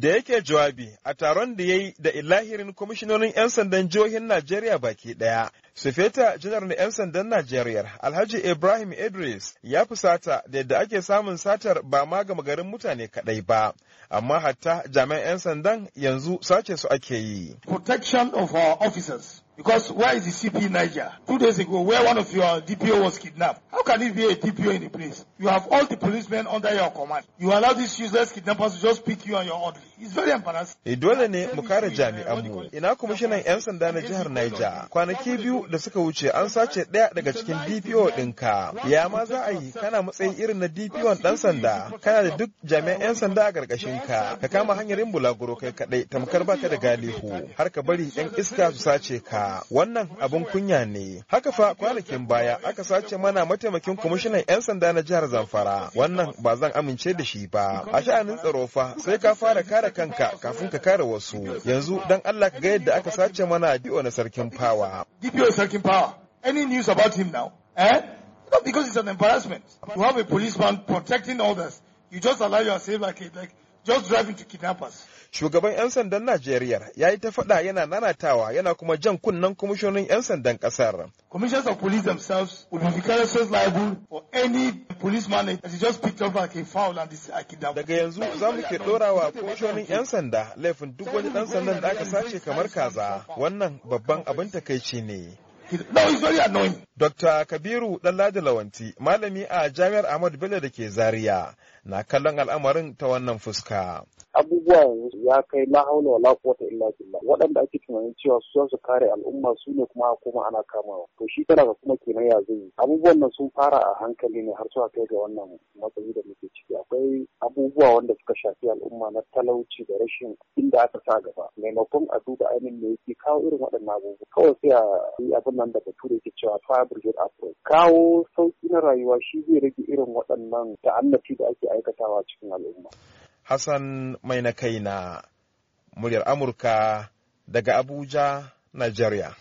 Da yake jawabi a taron da ya yi da ilahirin kwamishinonin 'yan sandan jihohin Najeriya baki ɗaya. Sufeta janar na 'yan sandan Najeriya, Alhaji Ibrahim Idris ya fusata da yadda ake samun satar ba ma gama garin mutane kaɗai ba, amma hatta jami'an 'yan sandan yanzu sace su ake yi. Protection of our officers Because where is the CP Niger? Two days ago, where one of your DPO was kidnapped. How can it be a DPO in the place? You have all the policemen under your command. You allow these useless kidnappers to just pick you on your orderly. It's very embarrassing. E dole ne mu kare jami'anmu. Ina kwamishinan 'yan sanda na jihar Niger. Kwanaki biyu da suka wuce an sace ɗaya daga cikin DPO ɗinka. Ya ma za a yi kana matsayin irin na DPO ɗan sanda. Kana da duk jami'an 'yan sanda a ƙarƙashin ka. Ka kama hanyar yin bulaguro kai kaɗai tamkar baka da galihu. Har ka bari 'yan iska su sace ka. wannan abin kunya ne haka fa kwanakin baya aka sace mana mataimakin kwamishinan 'yan sanda na jihar zamfara wannan ba zan amince da shi ba a sha'anin tsaro fa sai ka fara kare kanka kafin ka kare wasu yanzu dan allah ka ga yadda aka sace mana biyo na sarkin fawa sarkin fawa any news about him now eh a policeman just allow yourself like, like just driving to kidnappers shugaban 'yan sandan najeriya ya yi ta faɗa yana nanatawa yana kuma jan kunnen kwamishonin 'yan sandan ƙasar commissioners of police themselves will be vicariously liable for any policeman that is just picked up like a foul and akidam. daga yanzu za mu ke ɗora wa kwamishonin 'yan sanda laifin duk wani ɗan sandan da aka sace kamar kaza wannan babban abin takaici ne No, it's very annoying. Dr. Kabiru Ɗanladi Lawanti, malami a Jami'ar Ahmad Bello da ke Zaria, na kallon al'amarin ta wannan fuska. Abubuwa ya kai la haula wala illa billah. Waɗanda ake tunanin cewa su za su kare al'umma su ne kuma kuma ana kamawa. To shi ga kuma kenan ya zai. Abubuwan nan sun fara a hankali ne har zuwa kai ga wannan matsayi da muke ciki. Akwai abubuwa wanda suka shafi al'umma na talauci da rashin inda aka sa gaba. Maimakon a duba ainihin me yake kawo irin waɗannan abubuwa. Kawai sai a yi abin nan da bature ke cewa Afro. Kawo sauƙi na rayuwa shi zai rage irin waɗannan ta'annafi da ake aikatawa cikin al'umma. Hassan mai na kai na muryar Amurka daga Abuja, Najeriya.